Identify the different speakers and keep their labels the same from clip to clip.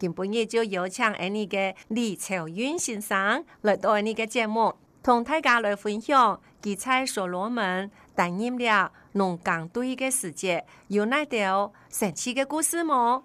Speaker 1: 今本日就有請誒呢個李朝云先生來到呢個節目，同大家來分享《奇彩所羅門》，體驗了農耕對個世界，有哪啲神奇嘅故事冇？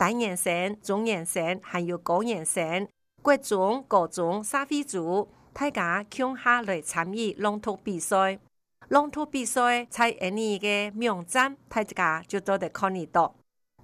Speaker 1: 大陽縣、中年縣，還有高年縣，各種各種沙飛組，大家共下來參與龍頭比賽。龍頭比賽在尼個名站，大家就都得看得到。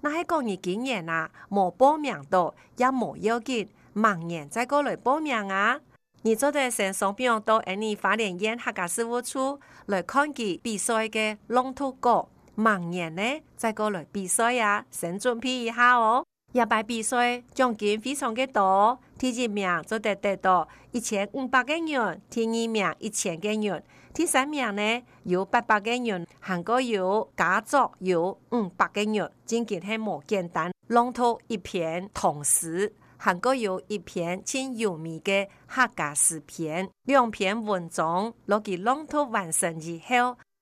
Speaker 1: 那係講你幾年啊，冇報名到，也冇要緊，明年再過來報名啊。你做得先送票到呢個花蓮縣客家事務處來看佢比賽嘅龍頭歌。明年呢，再過來比賽啊，先準備一下哦。下擺比賽獎金非常嘅多，第一名就得得到一千五百個元，元，第二名一千個元，元，第三名呢有八百個元，元。還個有佳作有五百個元，元，僅僅係冇簡單。朗讀一篇，同時還個有一篇蠻有名嘅客家詩篇，兩篇文章，邏輯朗讀完成以後。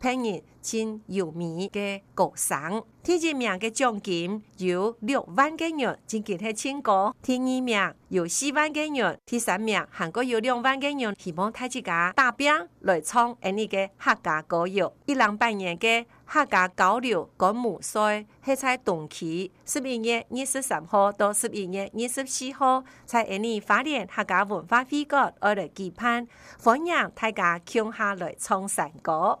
Speaker 1: 平日穿有尾嘅國省，第一名嘅獎金有六萬嘅人，先見係成果；第二名有四萬嘅人，第三名韓國有兩萬嘅人，希望家大家打拼來創。而家嘅客家教育，一兩百年嘅客家交流，觀摩賽係在冬期，十一月二十三號到十一月二十四號，在花蓮客家文化飛閣二樓舉辦，歡迎大家共下來唱山歌。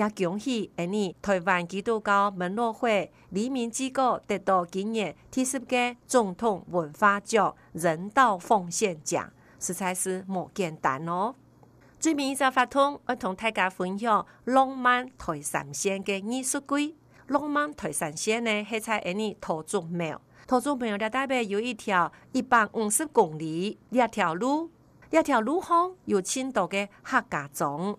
Speaker 1: 也恭喜阿你，台灣基督教門諾會黎明機構得到今年第十屆總統文化獎、人道奉獻獎，實在是無簡單哦。最近一則發通，我同大家分享浪漫台三線嘅藝術季，浪漫台三線呢，係在阿尼土著廟，土著廟嘅代表有一條一百五十公里一條路，一條路旁有清代嘅客家莊。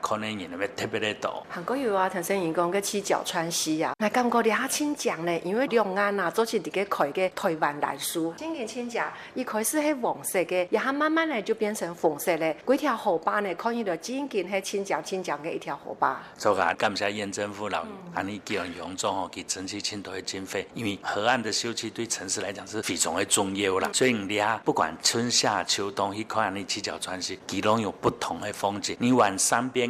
Speaker 2: 可能人咧特別的多。韓
Speaker 1: 國有啊，唐生人講的七橋川西啊，那感覺咧哈親江呢，因為兩岸啊，都是這個開個台灣來樹。漸漸親江，一開始是黃色的，然後慢慢的就變成紅色的，幾條河壩呢，可以看到漸漸係親江親江嘅一條河壩。
Speaker 2: 做、嗯、啊，感謝縣政府老，安尼既然用作吼，去爭取更多的經費，因為河岸的修葺對城市來講是非常的重要啦。嗯、所以你啊，不管春夏秋冬，去看你七橋川西，佢攏有不同的風景。你往山邊。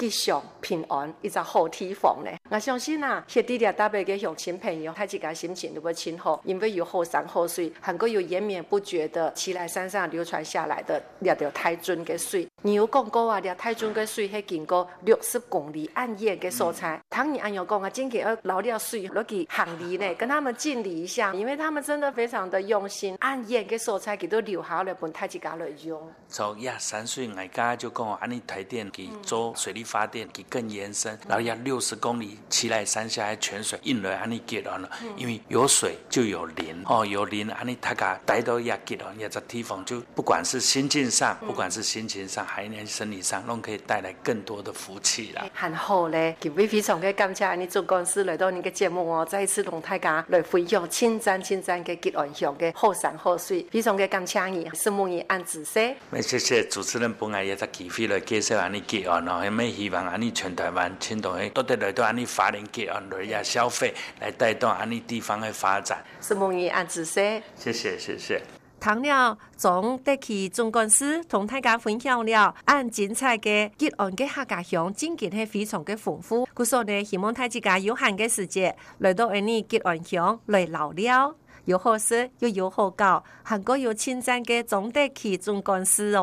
Speaker 1: 吉祥平安，一個好地方呢？我相信啊，兄弟倆搭貝嘅鄉親朋友，他自家心情都比較親和，因為有好山好水，還個有延綿不絕的齊來山上流傳下來的這條太尊的水。牛要講高啊，這太尊的水，喺經過六十公里按堰的蔬菜、嗯，唐你安陽講啊，今天要撈了水落去行禮呢、啊，跟他們敬禮一下，因為他們真的非常的用心。按堰嘅蔬菜，佢都留下了，本太子家來用。
Speaker 2: 從廿三歲，外家就講安尼開店，佢做水泥。發電給更延伸，okay. 然後要六十公里奇萊山下還泉水，印了安尼給完了，因為有水就有林，哦，有林安尼大家帶到亞吉了，亞扎地方，就不管是心境上，嗯、不管是心情上，還能生理上，攏可以帶來更多的福氣啦。
Speaker 1: 很好嘞，給非常嘅感謝安尼做公司來到你嘅節目哦，再一次同大家來分享千贊千贊的吉安鄉的好山好水，非常嘅感謝伊，蘇木伊安子西。
Speaker 2: 謝謝主持人本來，本礙也在機會來介紹安尼吉安咯，希望安你全台灣，全島去都得來到安你花蓮吉安，阿來也消費，來帶動安你地方嘅發展。是莫
Speaker 1: 伊阿子說，
Speaker 2: 謝謝謝謝。
Speaker 1: 唐廖總得去總幹事同大家分享了，按精彩嘅吉安嘅客家鄉，真嘅係非常嘅豐富。據說呢，希望大家有閒嘅時節，來到安你吉安鄉來留了，有好事又有好教，韓國有親近嘅總得去總幹事。哦。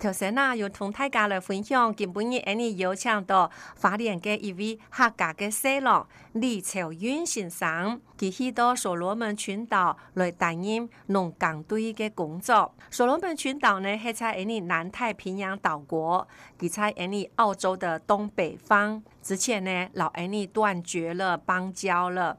Speaker 1: 首先啦，要同大家來分享，今半夜 any 邀請到法聯的一位客家的細佬李朝雲先生，佢喺到所羅門群島嚟擔任農工隊的工作。所羅門群島呢係在 a 南太平洋島國，佢在 a n 澳洲的東北方，之前呢老 a 尼斷絕了邦交了。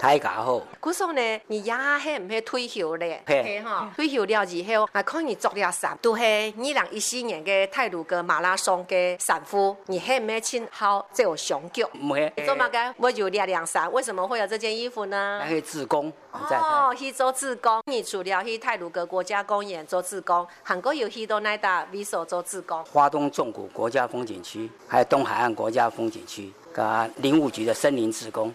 Speaker 1: 大家好。古時呢，你也還唔係退休嘞，退休了以後還可以做了啥？都是二零一四年嘅太魯閣馬拉松嘅衫服，你還唔係穿好？這個熊腳。唔、嗯、係。做嘛嘅？我就兩兩衫，為什麼會有這件衣服呢？去
Speaker 3: 志工。哦，
Speaker 1: 去做志工。你除了去太魯閣國家公園做志工，韓國有好多那達 viso 做志工，
Speaker 3: 花東縱谷國家風景區，還有東海岸國家風景區，啊，林務局的森林志工。